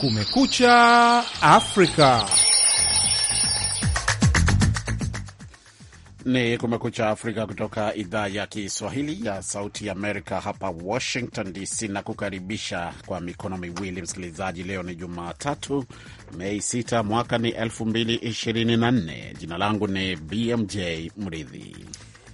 Kumekucha Afrika. Ni Kumekucha Afrika kutoka idhaa ya Kiswahili ya Sauti Amerika hapa Washington DC, na kukaribisha kwa mikono miwili msikilizaji. Leo ni Jumatatu, Mei 6 mwaka ni 2024. Jina langu ni BMJ Mridhi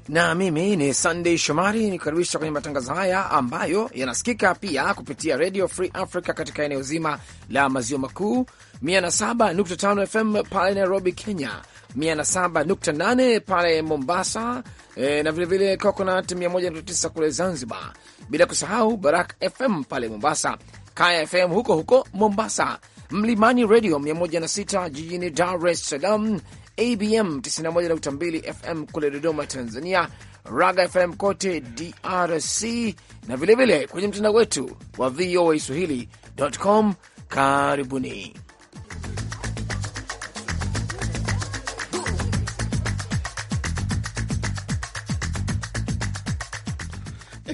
na mimi ni Sunday Shomari nikukaribisha kwenye matangazo haya ambayo yanasikika pia kupitia Radio Free Africa katika eneo zima la maziwa makuu 107.5 FM pale Nairobi, Kenya, 107.8 pale Mombasa e, na vilevile Coconut 19 kule Zanzibar, bila kusahau Barak FM pale Mombasa, Kaya FM huko huko Mombasa, Mlimani Radio 106 jijini Dar es Salaam ABM 91.2 FM kule Dodoma, Tanzania, Raga FM kote DRC, na vilevile vile kwenye mtandao wetu wa VOA Swahili.com. Karibuni.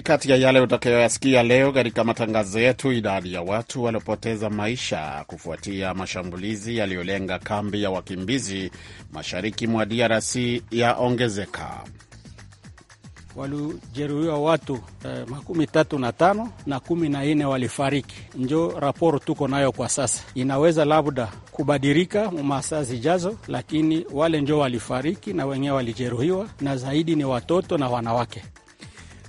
kati ya yale utakayoyasikia leo katika matangazo yetu, idadi ya watu waliopoteza maisha kufuatia mashambulizi yaliyolenga kambi ya wakimbizi mashariki mwa DRC yaongezeka. Walijeruhiwa watu eh, makumi tatu na tano na kumi na nne walifariki. Njo raporo tuko nayo kwa sasa, inaweza labda kubadilika masaa zijazo, lakini wale njo walifariki na wenyewe walijeruhiwa, na zaidi ni watoto na wanawake.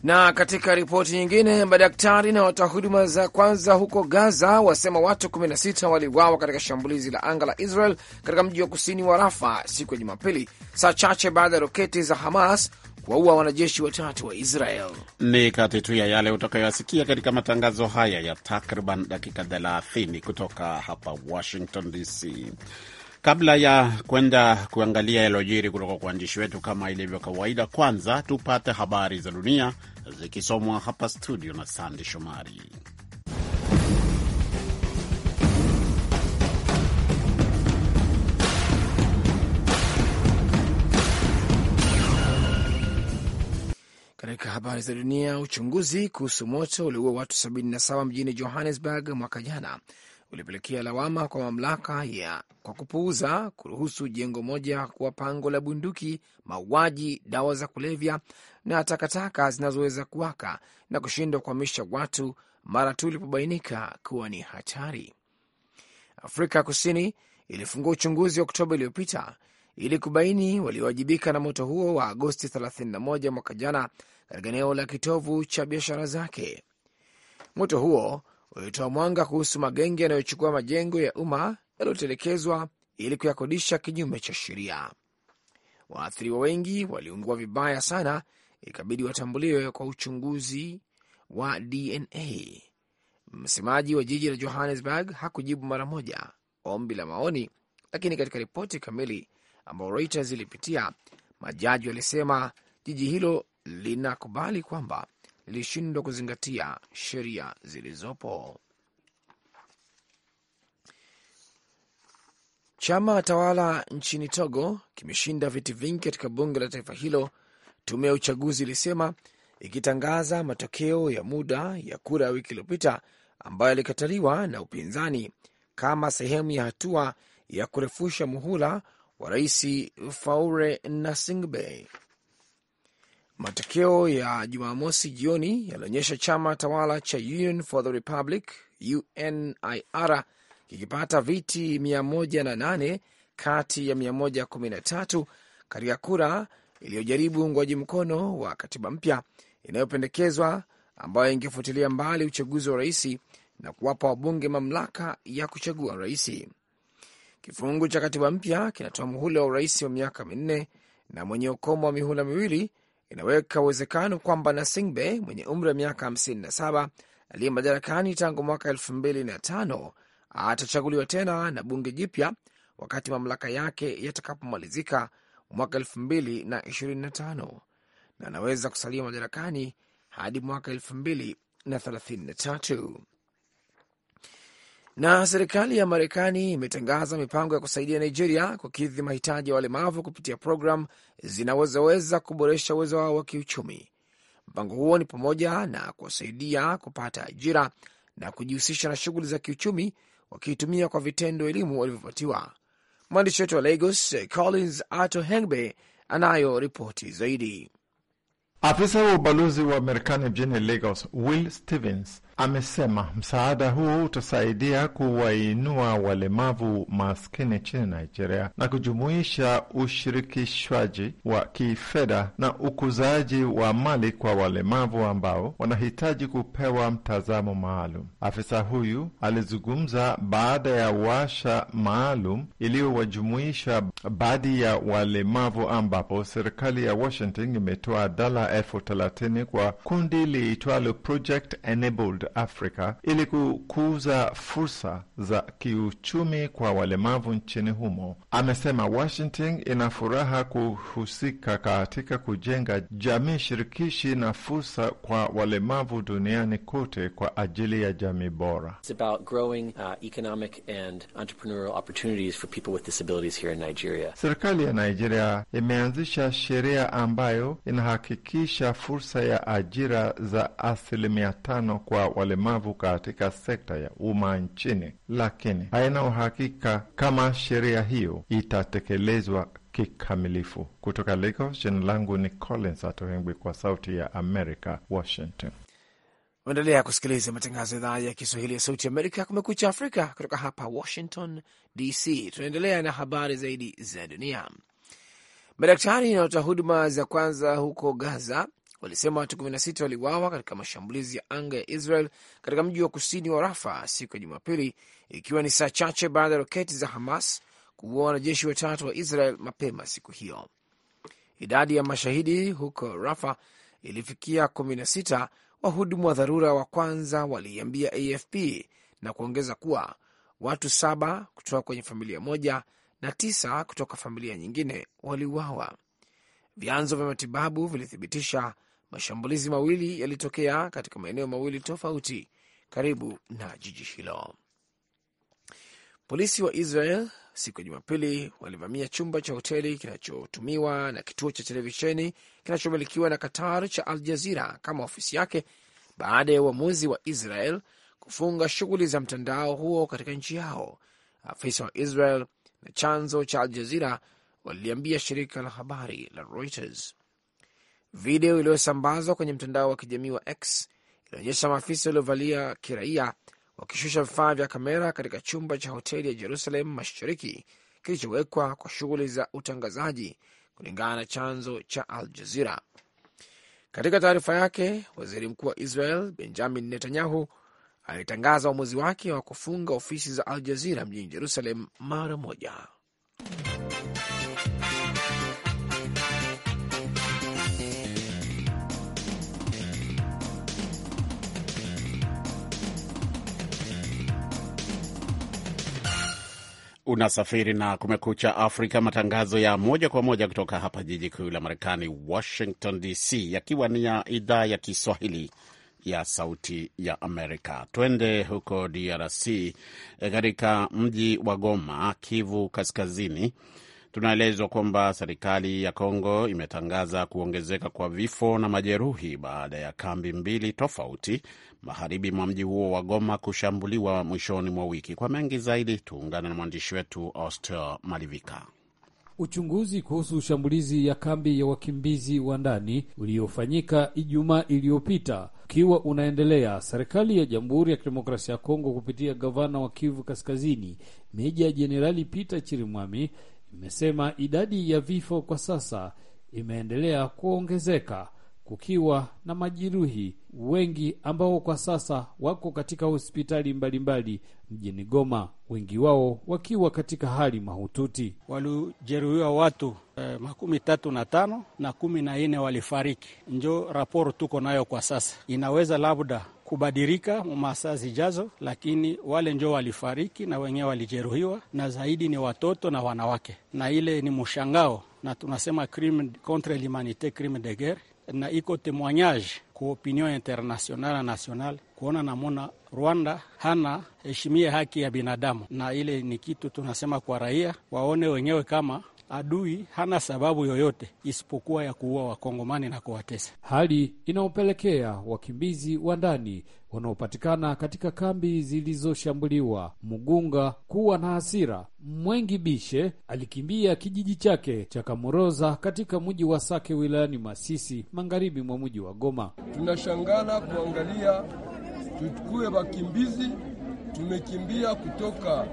Na katika ripoti nyingine, madaktari na watoa huduma za kwanza huko Gaza wasema watu 16 waliuawa katika shambulizi la anga la Israel katika mji wa kusini wa Rafa siku ya Jumapili, saa chache baada ya roketi za Hamas kuwaua wanajeshi watatu wa Israel. Ni kati tu ya yale utakayoyasikia katika matangazo haya ya takriban dakika 30 kutoka hapa Washington DC. Kabla ya kwenda kuangalia yalojiri kutoka kwa waandishi wetu, kama ilivyo kawaida, kwanza tupate habari za dunia zikisomwa hapa studio na Sande Shomari. Katika habari za dunia, uchunguzi kuhusu moto ulioua watu 77 mjini Johannesburg mwaka jana ulipelekea lawama kwa mamlaka ya kwa kupuuza kuruhusu jengo moja kuwa pango la bunduki, mauaji, dawa za kulevya na takataka zinazoweza kuwaka na kushindwa kuhamisha watu mara tu ilipobainika kuwa ni hatari. Afrika Kusini ilifungua uchunguzi wa Oktoba iliyopita ili kubaini waliowajibika na moto huo wa Agosti 31 mwaka jana katika eneo la kitovu cha biashara zake. Moto huo ulitoa mwanga kuhusu magenge yanayochukua majengo ya umma yaliyotelekezwa ili kuyakodisha kinyume cha sheria. Waathiriwa wengi waliungua vibaya sana ikabidi watambuliwe kwa uchunguzi wa DNA. Msemaji wa jiji la Johannesburg hakujibu mara moja ombi la maoni, lakini katika ripoti kamili ambayo Reuters ilipitia, majaji walisema jiji hilo linakubali kwamba lilishindwa kuzingatia sheria zilizopo. Chama tawala nchini Togo kimeshinda viti vingi katika bunge la taifa hilo Tume ya uchaguzi ilisema ikitangaza matokeo ya muda ya kura ya wiki iliyopita ambayo yalikataliwa na upinzani kama sehemu ya hatua ya kurefusha muhula wa rais Faure Nasingbe. Matokeo ya Jumamosi jioni yalionyesha chama tawala cha Union for the Republic UNIR kikipata viti 108 kati ya 113 katika kura iliyojaribu uungwaji mkono wa katiba mpya inayopendekezwa ambayo ingefutilia mbali uchaguzi wa rais na kuwapa wabunge mamlaka ya kuchagua rais. Kifungu cha katiba mpya kinatoa muhula wa urais wa miaka minne na mwenye ukomo wa mihula miwili inaweka uwezekano kwamba Nasingbe mwenye umri wa miaka 57 aliye madarakani tangu mwaka 2005 atachaguliwa tena na bunge jipya wakati mamlaka yake yatakapomalizika mwaka mbili na anaweza kusalia madarakani hadi mwaka 2033. Na serikali ya Marekani imetangaza mipango ya kusaidia Nigeria kukidhi mahitaji ya walemavu kupitia programu zinazoweza kuboresha uwezo wao wa kiuchumi. Mpango huo ni pamoja na kuwasaidia kupata ajira na kujihusisha na shughuli za kiuchumi, wakiitumia kwa vitendo elimu walivyopatiwa Mwandishi wetu wa Lagos Collins Ato Hengbe anayo ripoti zaidi. Afisa wa ubalozi wa Marekani mjini Lagos Will Stevens Amesema msaada huu utasaidia kuwainua walemavu maskini nchini Nigeria na kujumuisha ushirikishwaji wa kifedha na ukuzaji wa mali kwa walemavu ambao wanahitaji kupewa mtazamo maalum. Afisa huyu alizungumza baada ya washa maalum iliyowajumuisha baadhi ya walemavu, ambapo serikali ya Washington imetoa dola elfu thelathini kwa kundi liitwalo Project Enabled Connected Africa ili kukuza fursa za kiuchumi kwa walemavu nchini humo. Amesema Washington ina furaha kuhusika katika kujenga jamii shirikishi na fursa kwa walemavu duniani kote kwa ajili ya jamii bora. It's about growing, uh, economic and entrepreneurial opportunities for people with disabilities here in Nigeria. Serikali ya Nigeria imeanzisha sheria ambayo inahakikisha fursa ya ajira za asilimia tano kwa walemavu katika sekta ya umma nchini, lakini haina uhakika kama sheria hiyo itatekelezwa kikamilifu. Kutoka Lagos, jina langu ni Collins Atohengwi, kwa Sauti ya America, Washington. Unaendelea kusikiliza matangazo ya idhaa ya Kiswahili ya Sauti Amerika, Kumekucha Afrika, kutoka hapa Washington DC. Tunaendelea na habari zaidi za dunia. Madaktari wanaotoa huduma za kwanza huko Gaza walisema watu 16 waliuawa katika mashambulizi ya anga ya Israel katika mji wa kusini wa Rafa siku ya Jumapili, ikiwa ni saa chache baada ya roketi za Hamas kuua wanajeshi watatu wa Israel mapema siku hiyo. Idadi ya mashahidi huko Rafa ilifikia 16, wahudumu wa dharura wa kwanza waliiambia AFP na kuongeza kuwa watu saba kutoka kwenye familia moja na tisa kutoka familia nyingine waliuawa. Vyanzo vya matibabu vilithibitisha Mashambulizi mawili yalitokea katika maeneo mawili tofauti karibu na jiji hilo. Polisi wa Israel siku ya Jumapili walivamia chumba cha hoteli kinachotumiwa na kituo cha televisheni kinachomilikiwa na Qatar cha Al Jazira kama ofisi yake baada ya uamuzi wa Israel kufunga shughuli za mtandao huo katika nchi yao. Afisa wa Israel na chanzo cha Al Jazira waliliambia shirika la habari la Reuters. Video iliyosambazwa kwenye mtandao wa kijamii wa X ilionyesha maafisa waliovalia kiraia wakishusha vifaa vya kamera katika chumba cha hoteli ya Jerusalem Mashariki kilichowekwa kwa shughuli za utangazaji, kulingana na chanzo cha Al Jazira. Katika taarifa yake, waziri mkuu wa Israel Benjamin Netanyahu alitangaza uamuzi wake wa kufunga ofisi za Al Jazira mjini Jerusalem mara moja. Unasafiri na Kumekucha Afrika, matangazo ya moja kwa moja kutoka hapa jiji kuu la Marekani, Washington DC, yakiwa ni ya idhaa ya Kiswahili ya Sauti ya Amerika. Twende huko DRC, eh, katika mji wa Goma, Kivu Kaskazini. Tunaelezwa kwamba serikali ya Kongo imetangaza kuongezeka kwa vifo na majeruhi baada ya kambi mbili tofauti magharibi mwa mji huo wa Goma kushambuliwa mwishoni mwa wiki. Kwa mengi zaidi, tuungane na mwandishi wetu Austel Malivika. Uchunguzi kuhusu shambulizi ya kambi ya wakimbizi wa ndani uliofanyika Ijumaa iliyopita ukiwa unaendelea, serikali ya Jamhuri ya Kidemokrasia ya Kongo kupitia gavana wa Kivu Kaskazini, Meja Jenerali Peter Chirimwami, imesema idadi ya vifo kwa sasa imeendelea kuongezeka kukiwa na majeruhi wengi ambao kwa sasa wako katika hospitali mbalimbali mjini Goma, wengi wao wakiwa katika hali mahututi. Walijeruhiwa watu eh, makumi tatu na tano na kumi na nne walifariki. Njo raporo tuko nayo kwa sasa, inaweza labda kubadirika masaa zijazo, lakini wale njo walifariki na wenyewe walijeruhiwa, na zaidi ni watoto na wanawake, na ile ni mshangao, na tunasema crime contre l'humanite, crime de guerre na iko temoignage ku opinion internationale na nationale kuona namona Rwanda hana heshimia haki ya binadamu, na ile ni kitu tunasema kwa raia waone wenyewe kama adui hana sababu yoyote isipokuwa ya kuua wakongomani na kuwatesa, hali inayopelekea wakimbizi wa ndani wanaopatikana katika kambi zilizoshambuliwa Mugunga kuwa na hasira. Mwengi Bishe alikimbia kijiji chake cha Kamoroza katika mji wa Sake wilayani Masisi, magharibi mwa mji wa Goma. tunashangana kuangalia tukuwe wakimbizi, tumekimbia kutoka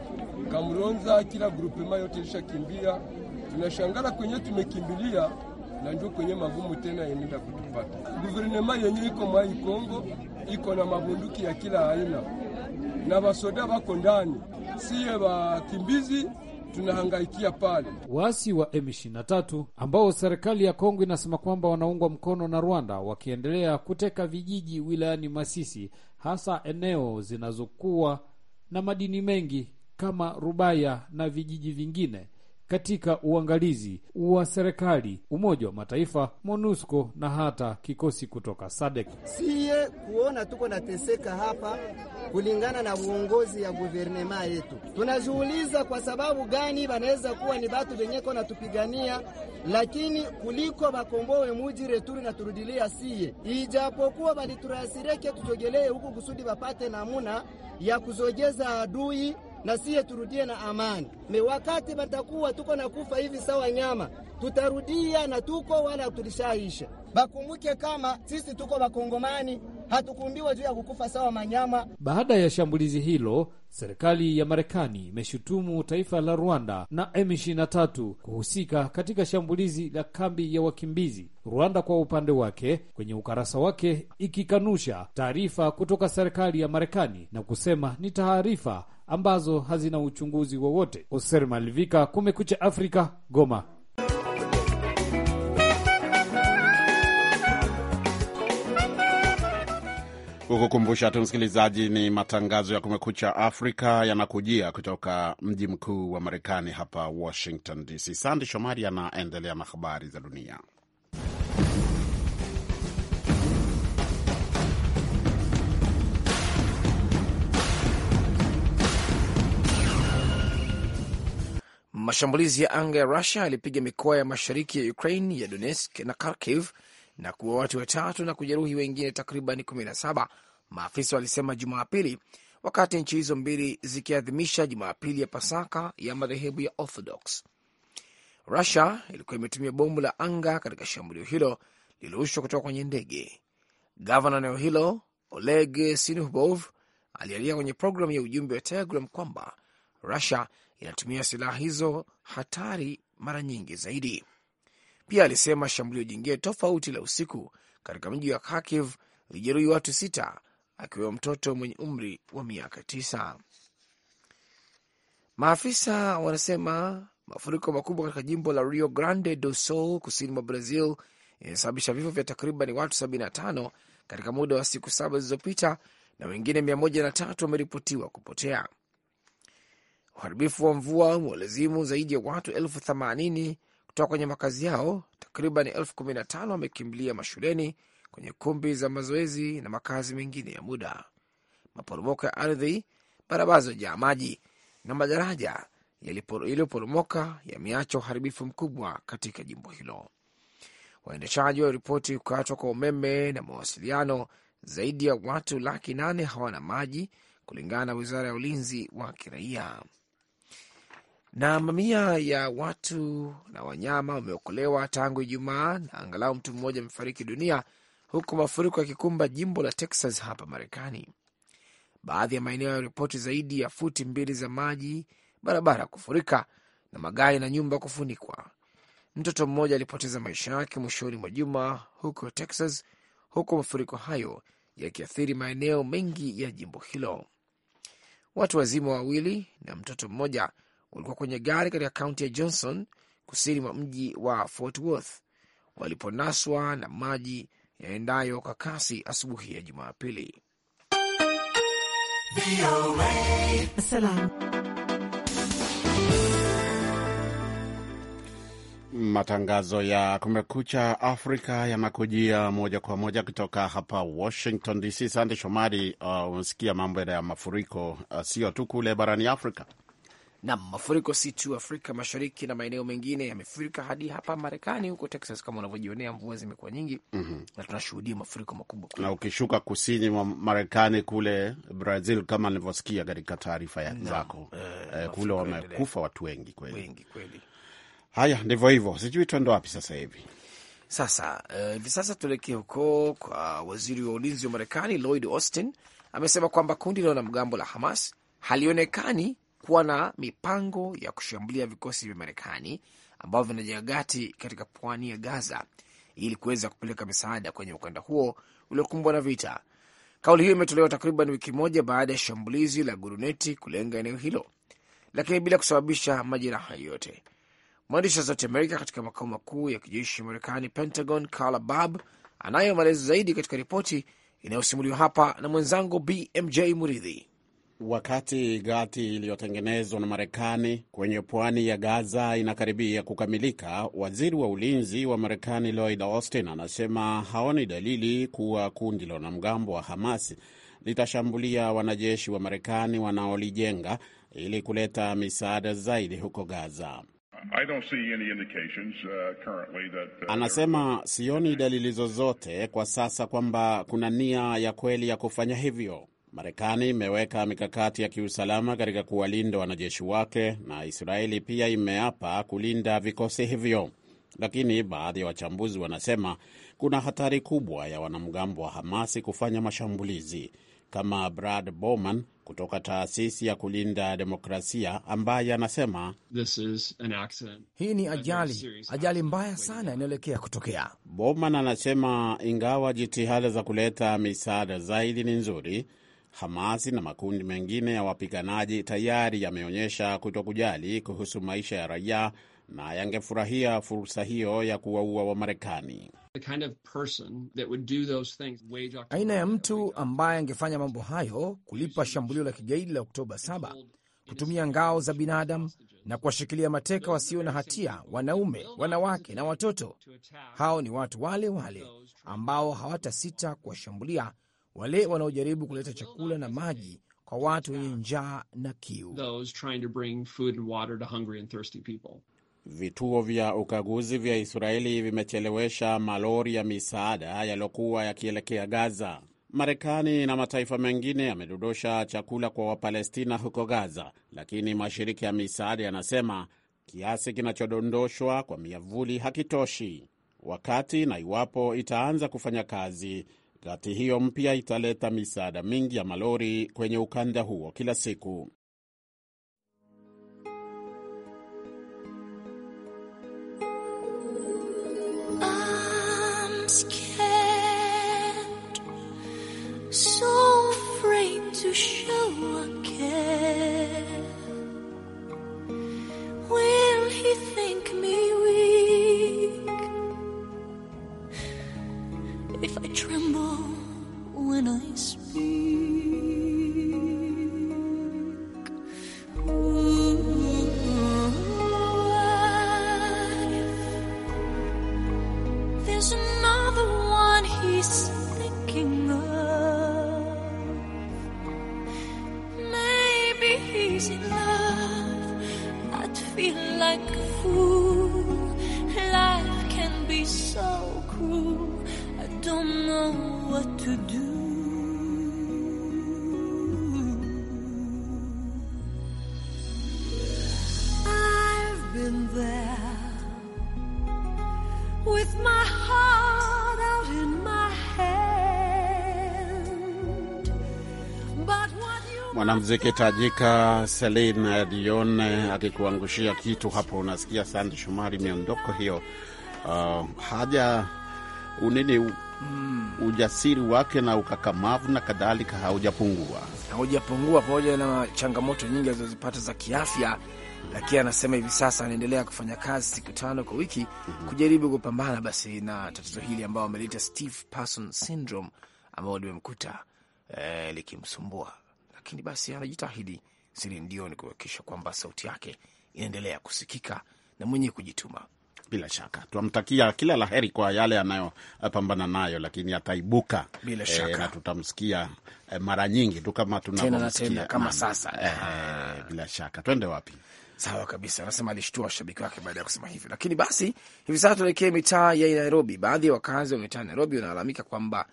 Kamronza, kila grupema yote ilishakimbia tunashangala kwenye tumekimbilia na njo kwenye magumu tena yenenda kutupata. Guverinema yenye iko mwai Kongo iko na mabunduki ya kila aina na basoda bako ndani, siye bakimbizi tunahangaikia pale. Waasi wa M23 ambao serikali ya Kongo inasema kwamba wanaungwa mkono na Rwanda wakiendelea kuteka vijiji wilayani Masisi, hasa eneo zinazokuwa na madini mengi kama Rubaya na vijiji vingine katika uangalizi wa serikali, Umoja wa Mataifa, MONUSCO na hata kikosi kutoka sadek Siye kuona tuko nateseka hapa kulingana na uongozi ya guvernema yetu, tunajiuliza kwa sababu gani wanaweza kuwa ni batu venyeko natupigania, lakini kuliko bakombowe muji returi na turudilia siye, ijapokuwa valiturasireke tujogelee huku kusudi wapate namuna ya kuzogeza adui na siye turudie na amani. Me wakati batakuwa tuko na kufa hivi sawa nyama, tutarudia na tuko wala tulishaisha. Bakumbuke kama sisi tuko Bakongomani hatukuumbiwa juu ya kukufa sawa manyama. Baada ya shambulizi hilo, serikali ya Marekani imeshutumu taifa la Rwanda na M23 kuhusika katika shambulizi la kambi ya wakimbizi. Rwanda kwa upande wake, kwenye ukarasa wake, ikikanusha taarifa kutoka serikali ya Marekani na kusema ni taarifa ambazo hazina uchunguzi wowote. Oser Malivika, Kumekucha Afrika, Goma. Kukukumbusha tu msikilizaji, ni matangazo ya Kumekucha Afrika yanakujia kutoka mji mkuu wa Marekani hapa Washington DC. Sandi Shomari anaendelea na habari za dunia. Mashambulizi ya anga ya Rusia yalipiga mikoa ya mashariki ya Ukraine ya Donetsk na Kharkiv na kuwa watu watatu na kujeruhi wengine takriban 17, maafisa walisema Jumapili, wakati nchi hizo mbili zikiadhimisha Jumapili ya Pasaka ya madhehebu ya Orthodox. Rusia ilikuwa imetumia bomu la anga katika shambulio hilo lililorushwa kutoka kwenye ndege. Gavana eneo hilo Oleg Sinuhbov alialia kwenye programu ya ujumbe wa Telegram kwamba Rusia inatumia silaha hizo hatari mara nyingi zaidi. Pia alisema shambulio jingine tofauti la usiku katika mji wa Kharkiv lijeruhi watu sita akiwemo mtoto mwenye umri wa miaka tisa. Maafisa wanasema mafuriko makubwa katika jimbo la Rio Grande do Sul kusini mwa Brazil imesababisha vifo vya takriban watu 75 katika muda wa siku saba zilizopita na wengine 103 wameripotiwa kupotea. Uharibifu wa mvua umewalazimu zaidi ya watu elfu themanini kutoka kwenye makazi yao. Takriban elfu kumi na tano wamekimbilia mashuleni, kwenye kumbi za mazoezi na makazi mengine ya muda. Maporomoko ya ardhi, barabara zilizojaa maji na madaraja yaliyoporomoka yameacha uharibifu mkubwa katika jimbo hilo. Waendeshaji waliripoti kukatwa kwa umeme na mawasiliano. Zaidi ya watu laki nane hawana maji, kulingana na wizara ya ulinzi wa kiraia. Na mamia ya watu na wanyama wameokolewa tangu Ijumaa na angalau mtu mmoja amefariki dunia huku mafuriko yakikumba jimbo la Texas hapa Marekani. Baadhi ya maeneo ya ripoti zaidi ya futi mbili za maji, barabara kufurika na magari na nyumba kufunikwa. Mtoto mmoja alipoteza maisha yake mwishoni mwa juma huko Texas, huku mafuriko hayo yakiathiri maeneo mengi ya jimbo hilo. Watu wazima wawili na mtoto mmoja walikuwa kwenye gari katika kaunti ya Johnson kusini mwa mji wa Fort Worth waliponaswa na maji yaendayo kwa kasi asubuhi ya Jumapili. Matangazo ya Kumekucha Afrika yanakujia moja kwa moja kutoka hapa Washington DC. Sande Shomari, umesikia uh, mambo ya mafuriko uh, sio uh, tu kule barani Afrika na mafuriko si tu Afrika Mashariki na maeneo mengine yamefurika hadi hapa Marekani, huko Texas. Kama unavyojionea mvua zimekuwa nyingi mm -hmm. na tunashuhudia mafuriko makubwa, na ukishuka kusini mwa Marekani kule Brazil, kama nilivyosikia katika taarifa zako eh, eh kule wamekufa watu wengi kweli, wengi kweli. Haya, ndivyo hivyo, sijui tuende wapi sasa hivi. Sasa eh, hivi uh, sasa tuelekee huko kwa waziri wa ulinzi wa Marekani Lloyd Austin amesema kwamba kundi la wanamgambo la Hamas halionekani kuwa na mipango ya kushambulia vikosi vya Marekani ambavyo vinajagati katika pwani ya Gaza ili kuweza kupeleka misaada kwenye ukanda huo uliokumbwa na vita. Kauli hiyo imetolewa takriban wiki moja baada ya shambulizi la guruneti kulenga eneo hilo, lakini bila kusababisha majeraha yoyote. Mwandishi wa Sauti Amerika katika makao makuu ya kijeshi ya Marekani, Pentagon, Carla anayo maelezo zaidi katika ripoti inayosimuliwa hapa na mwenzangu BMJ Muridhi. Wakati gati iliyotengenezwa na Marekani kwenye pwani ya Gaza inakaribia kukamilika, waziri wa ulinzi wa Marekani Lloyd Austin anasema haoni dalili kuwa kundi la wanamgambo wa Hamas litashambulia wanajeshi wa Marekani wanaolijenga ili kuleta misaada zaidi huko Gaza. I don't see any indications, uh, currently that, uh, anasema sioni dalili zozote kwa sasa kwamba kuna nia ya kweli ya kufanya hivyo. Marekani imeweka mikakati ya kiusalama katika kuwalinda wanajeshi wake na Israeli pia imeapa kulinda vikosi hivyo, lakini baadhi ya wachambuzi wanasema kuna hatari kubwa ya wanamgambo wa Hamasi kufanya mashambulizi kama Brad Bowman kutoka taasisi ya kulinda demokrasia ambaye anasema hii ni ajali, ajali mbaya sana inaelekea kutokea. Bowman anasema ingawa jitihada za kuleta misaada zaidi ni nzuri, Hamasi na makundi mengine ya wapiganaji tayari yameonyesha kutokujali kuhusu maisha ya raia na yangefurahia fursa hiyo ya kuwaua Wamarekani. Kind of aina ya mtu ambaye angefanya mambo hayo, kulipa shambulio la kigaidi la Oktoba 7, kutumia ngao za binadamu na kuwashikilia mateka wasio na hatia, wanaume, wanawake na watoto. Hao ni watu wale wale ambao hawatasita kuwashambulia wale wanaojaribu kuleta chakula na maji kwa watu wenye njaa na kiu. Vituo vya ukaguzi vya Israeli vimechelewesha malori ya misaada yaliyokuwa yakielekea Gaza. Marekani na mataifa mengine yamedodosha chakula kwa Wapalestina huko Gaza, lakini mashirika ya misaada yanasema kiasi kinachodondoshwa kwa miavuli hakitoshi. Wakati na iwapo itaanza kufanya kazi, kati hiyo mpya italeta misaada mingi ya malori kwenye ukanda huo kila siku. Mwanamziki tajika Celine Dion akikuangushia kitu hapo, unasikia Sandi Shumari, miondoko hiyo uh, haja unini mm. ujasiri wake na ukakamavu na kadhalika haujapungua, haujapungua pamoja na changamoto nyingi alizozipata za kiafya lakini anasema hivi sasa anaendelea kufanya kazi siku tano kwa wiki mhm. kujaribu kupambana basi na tatizo hili ambao ameliita Steve Parson syndrome ambao limemkuta eh, likimsumbua, lakini basi anajitahidi siri ndio ni kuhakikisha kwamba sauti yake inaendelea kusikika na mwenyewe kujituma. Bila shaka tunamtakia kila laheri kwa yale anayopambana nayo, lakini ataibuka bila eh, shaka, na tutamsikia e, mara nyingi tu kama tunavyomsikia kama sasa e, e, bila shaka. Twende wapi? Sawa kabisa, anasema alishtua washabiki wake baada ya kusema hivyo. Lakini basi hivi sasa tuelekee mitaa ya Nairobi. Baadhi ya wakazi wa mitaa ya Nairobi wanalalamika kwamba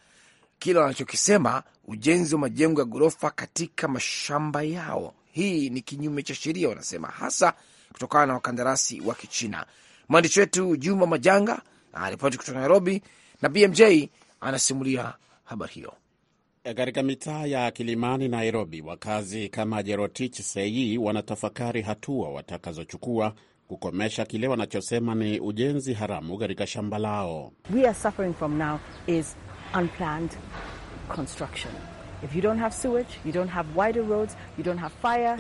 kila wanachokisema ujenzi wa majengo ya ghorofa katika mashamba yao, hii ni kinyume cha sheria, wanasema hasa kutokana na wakandarasi wa Kichina. Mwandishi wetu Juma Majanga anaripoti kutoka Nairobi na BMJ anasimulia habari hiyo. Katika mitaa ya Kilimani, Nairobi, wakazi kama Jerotich Sei wanatafakari hatua watakazochukua kukomesha kile wanachosema ni ujenzi haramu katika shamba lao.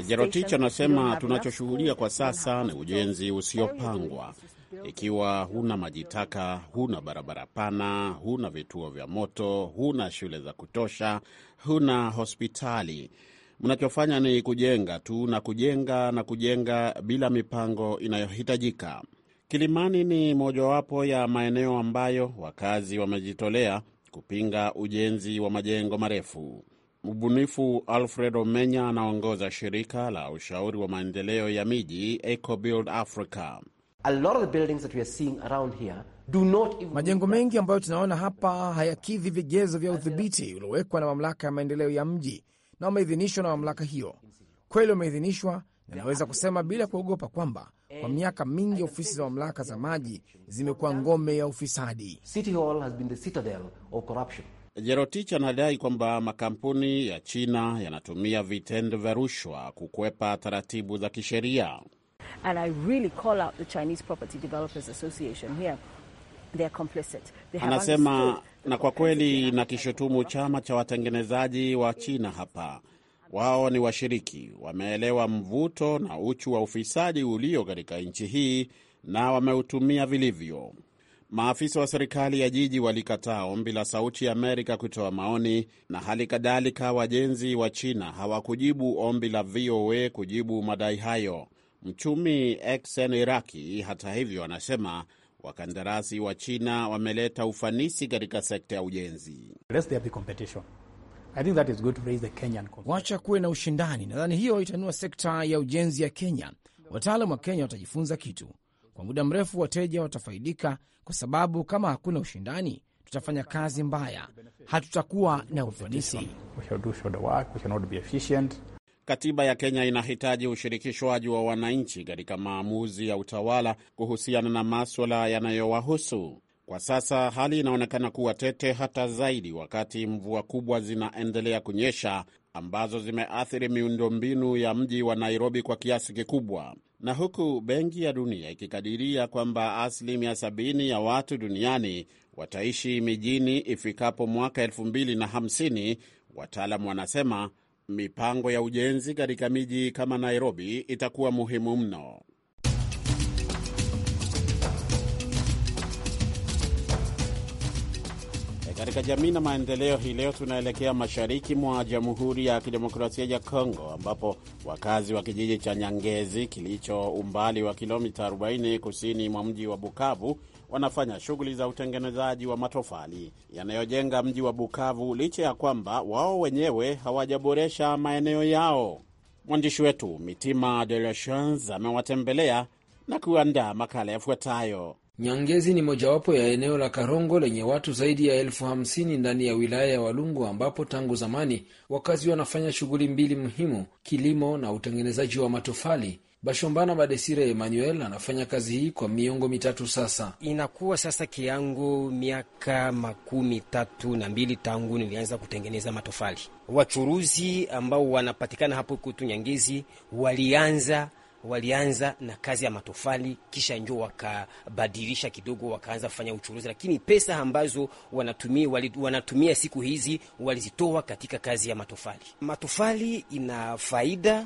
Jerotich anasema tunachoshughulia kwa sasa ni ujenzi usiopangwa. Ikiwa huna maji taka huna barabara pana, huna vituo vya moto, huna shule za kutosha, huna hospitali, mnachofanya ni kujenga tu na kujenga na kujenga bila mipango inayohitajika. Kilimani ni mojawapo ya maeneo ambayo wakazi wamejitolea kupinga ujenzi wa majengo marefu. Mbunifu Alfred Omenya anaongoza shirika la ushauri wa maendeleo ya miji EcoBuild Africa. Majengo mengi ambayo tunaona hapa hayakidhi vigezo vya udhibiti uliowekwa na mamlaka ya maendeleo ya mji na wameidhinishwa na mamlaka hiyo. Kweli wameidhinishwa, na naweza kusema bila kuogopa kwamba kwa miaka mingi ofisi za mamlaka za maji zimekuwa ngome ya ufisadi. Jerotich anadai kwamba makampuni ya China yanatumia vitendo vya rushwa kukwepa taratibu za kisheria. And I really call out the Chinese Property Developers Association here. They are complicit. They have anasema, na kwa kweli nakishutumu chama cha watengenezaji wa China hapa. Wao ni washiriki, wameelewa mvuto na uchu wa ufisadi ulio katika nchi hii na wameutumia vilivyo. Maafisa wa serikali ya jiji walikataa ombi la Sauti ya Amerika kutoa maoni, na hali kadhalika wajenzi wa China hawakujibu ombi la VOA kujibu madai hayo. Mchumi Exen Iraki, hata hivyo, anasema wakandarasi wa China wameleta ufanisi katika sekta ya ujenzi. Wacha kuwe na ushindani, nadhani hiyo itanua sekta ya ujenzi ya Kenya. Wataalam wa Kenya watajifunza kitu. Kwa muda mrefu, wateja watafaidika, kwa sababu kama hakuna ushindani, tutafanya kazi mbaya, hatutakuwa na ufanisi. Katiba ya Kenya inahitaji ushirikishwaji wa wananchi katika maamuzi ya utawala kuhusiana na maswala yanayowahusu. Kwa sasa hali inaonekana kuwa tete hata zaidi, wakati mvua kubwa zinaendelea kunyesha ambazo zimeathiri miundombinu ya mji wa Nairobi kwa kiasi kikubwa, na huku Benki ya Dunia ikikadiria kwamba asilimia sabini ya watu duniani wataishi mijini ifikapo mwaka hamsini. wataalamu wanasema mipango ya ujenzi katika miji kama Nairobi itakuwa muhimu mno. E, katika jamii na maendeleo, hii leo tunaelekea mashariki mwa Jamhuri ya Kidemokrasia ya Kongo, ambapo wakazi wa kijiji cha Nyangezi kilicho umbali wa kilomita 40 kusini mwa mji wa Bukavu wanafanya shughuli za utengenezaji wa matofali yanayojenga mji wa Bukavu licha ya kwamba wao wenyewe hawajaboresha maeneo yao. Mwandishi wetu Mitima De La amewatembelea na kuandaa makala yafuatayo. Nyangezi ni mojawapo ya eneo la Karongo lenye watu zaidi ya elfu hamsini ndani ya wilaya ya Walungu, ambapo tangu zamani wakazi wanafanya shughuli mbili muhimu, kilimo na utengenezaji wa matofali. Bashombana Badesire Emmanuel anafanya kazi hii kwa miongo mitatu sasa. Inakuwa sasa kiango miaka makumi tatu na mbili tangu nilianza kutengeneza matofali. Wachuruzi ambao wanapatikana hapo kutu Nyangezi walianza walianza na kazi ya matofali, kisha njo wakabadilisha kidogo, wakaanza kufanya uchuruzi, lakini pesa ambazo wanatumia, wali, wanatumia siku hizi walizitoa katika kazi ya matofali. Matofali ina faida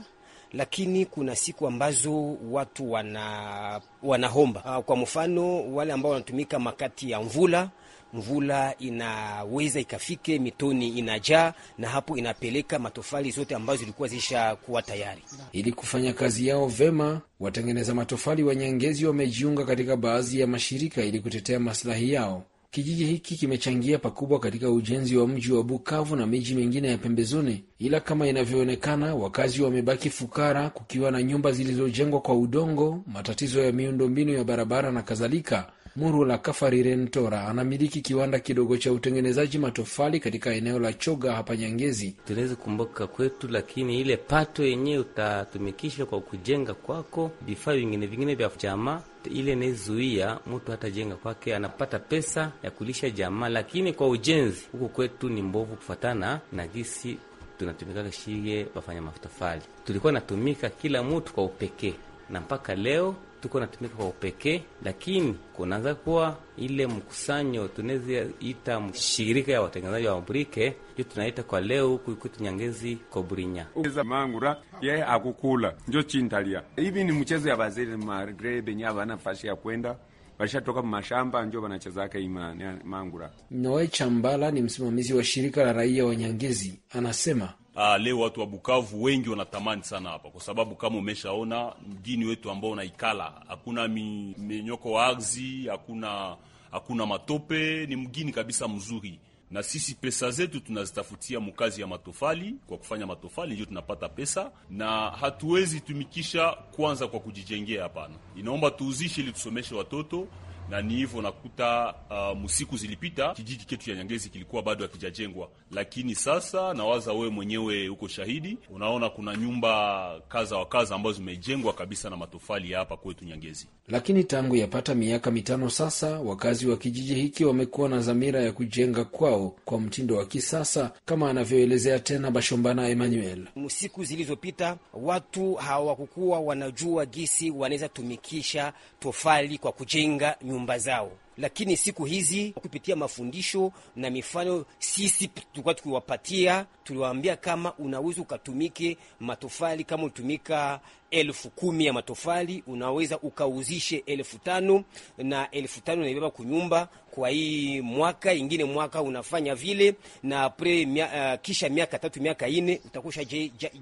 lakini kuna siku ambazo watu wana, wanahomba. Ah, kwa mfano wale ambao wanatumika makati ya mvula mvula inaweza ikafike, mitoni inajaa, na hapo inapeleka matofali zote ambazo zilikuwa zisha kuwa tayari. Ili kufanya kazi yao vema, watengeneza matofali wanyengezi wamejiunga katika baadhi ya mashirika ili kutetea maslahi yao. Kijiji hiki kimechangia pakubwa katika ujenzi wa mji wa Bukavu na miji mingine ya pembezoni, ila kama inavyoonekana, wakazi wamebaki fukara, kukiwa na nyumba zilizojengwa kwa udongo, matatizo ya miundombinu ya barabara na kadhalika. Muru la Kafari Rentora anamiliki kiwanda kidogo cha utengenezaji matofali katika eneo la Choga hapa Nyangezi. tunaweza kumboka kwetu, lakini ile pato yenyewe utatumikishwa kwa kujenga kwako vifaa vingine vingine vya jamaa ile inaizuia mtu hata jenga kwake, anapata pesa ya kulisha jamaa, lakini kwa ujenzi huku kwetu ni mbovu kufatana na gisi tunatumikaka shie wafanya matofali, tulikuwa natumika kila mtu kwa upekee, na mpaka leo tuko natumika kwa upekee, lakini kunaanza kuwa ile mkusanyo tunaziita shirika ya watengenezaji wa mburike, ndio tunaita kwa leo huku kwetu Nyangezi Kobrinya mangura ye akukula njo chintalia hivi ni mchezo ya bazeli magre benye avana fashi ya kwenda walishatoka mashamba njo wanachezaka imani mangura. Noe Chambala ni msimamizi wa shirika la raia wa Nyangezi, anasema Uh, leo watu wa Bukavu wengi wanatamani sana hapa, kwa sababu kama umeshaona mgini wetu ambao unaikala hakuna menyoko wa ardhi, hakuna hakuna matope, ni mgini kabisa mzuri. Na sisi pesa zetu tunazitafutia mkazi ya matofali, kwa kufanya matofali ndio tunapata pesa, na hatuwezi tumikisha kwanza kwa kujijengea, hapana. Inaomba tuuzishe ili tusomeshe watoto na ni hivyo nakuta uh, musiku zilipita kijiji ketu ya Nyangezi kilikuwa bado hakijajengwa, lakini sasa nawaza wewe mwenyewe uko shahidi, unaona kuna nyumba kaza wa kaza ambazo zimejengwa kabisa na matofali ya hapa kwetu Nyangezi. Lakini tangu yapata miaka mitano sasa, wakazi wa kijiji hiki wamekuwa na dhamira ya kujenga kwao kwa mtindo wa kisasa, kama anavyoelezea tena Bashombana Emmanuel. Musiku zilizopita watu hawakukuwa wanajua gisi wanaweza tumikisha tofali kwa kujenga nyumba nyumba zao. Lakini siku hizi kupitia mafundisho na mifano, sisi tulikuwa tukiwapatia, tuliwaambia kama unaweza ukatumike matofali, kama ulitumika elfu kumi ya matofali unaweza ukauzishe elfu tano na elfu tano unaibeba kunyumba kwa hii mwaka ingine, mwaka unafanya vile na pre mia, uh, kisha miaka tatu miaka ine utakusha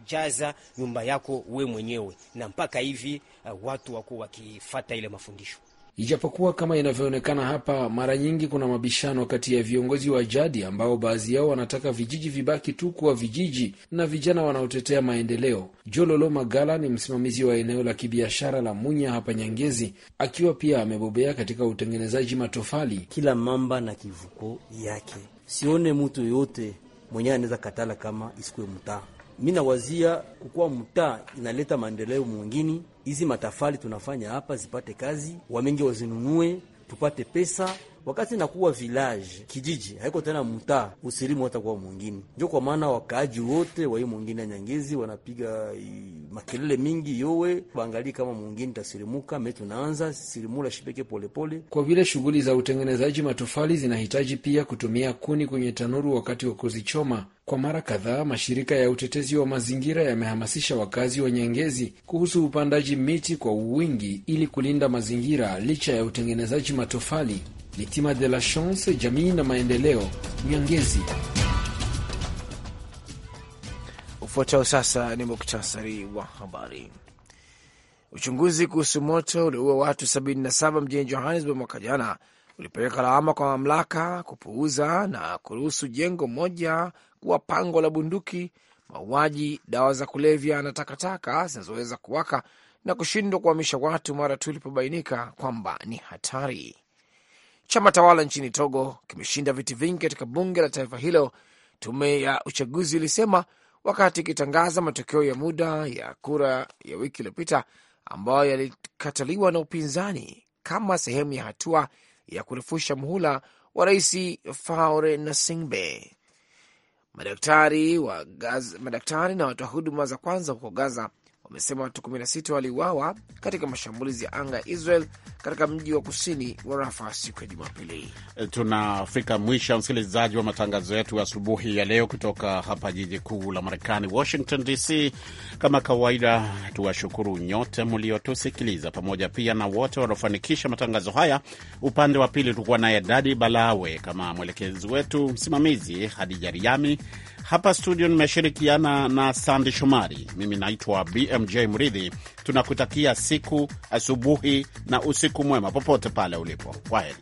jaza nyumba yako we mwenyewe, na mpaka hivi uh, watu wako wakifata ile mafundisho. Ijapokuwa kama inavyoonekana hapa, mara nyingi kuna mabishano kati ya viongozi wa jadi ambao baadhi yao wanataka vijiji vibaki tu kuwa vijiji na vijana wanaotetea maendeleo. Jololo Magala ni msimamizi wa eneo la kibiashara la Munya hapa Nyangezi, akiwa pia amebobea katika utengenezaji matofali. Kila mamba na kivuko yake, sione mtu yoyote mwenyewe anaweza katala kama isikuwe mtaa mi nawazia kukuwa mtaa inaleta maendeleo mwingine. Hizi matafali tunafanya hapa zipate kazi, wamengi wazinunue, tupate pesa wakati nakuwa village kijiji, haiko tena mtaa, hata kwa mwingine. Ndio kwa maana wakaaji wote wa hii mwingine ya Nyangezi wanapiga makelele mingi, yowe waangalie kama mwingine tasirimuka Me tunaanza sirimula shipeke polepole pole. Kwa vile shughuli za utengenezaji matofali zinahitaji pia kutumia kuni kwenye tanuru wakati wa kuzichoma. Kwa mara kadhaa mashirika ya utetezi wa mazingira yamehamasisha wakazi wa nyengezi kuhusu upandaji miti kwa wingi ili kulinda mazingira licha ya utengenezaji matofali. Mitima de la Chance, jamii na maendeleo, Nyangezi. Ufuatao sasa ni muktasari wa habari. Uchunguzi kuhusu moto ulioua watu 77 mjini Johannesburg mwaka jana ulipeleka lawama kwa mamlaka kupuuza na kuruhusu jengo moja kuwa pango la bunduki, mauaji, dawa za kulevya na takataka zinazoweza kuwaka na kushindwa kuhamisha watu mara tu ilipobainika kwamba ni hatari. Chama tawala nchini Togo kimeshinda viti vingi katika bunge la taifa hilo, tume ya uchaguzi ilisema wakati ikitangaza matokeo ya muda ya kura ya wiki iliyopita ambayo yalikataliwa na upinzani kama sehemu ya hatua ya kurefusha muhula wa rais Faure nasingbe Madaktari, wa Gaza, madaktari na watoa huduma za kwanza huko Gaza wamesema watu 16 waliuawa katika mashambulizi ya anga ya Israel katika mji wa kusini wa Rafa siku ya Jumapili. Tunafika mwisho, msikilizaji, wa matangazo yetu asubuhi ya leo kutoka hapa jiji kuu la Marekani, Washington DC. Kama kawaida, tuwashukuru nyote mliotusikiliza, pamoja pia na wote wanaofanikisha matangazo haya. Upande wa pili tulikuwa naye Dadi Balawe kama mwelekezi wetu, msimamizi Hadija Riami. Hapa studio nimeshirikiana na Sandi Shomari. Mimi naitwa BMJ Mridhi. Tunakutakia siku, asubuhi na usiku mwema popote pale ulipo. kwa heri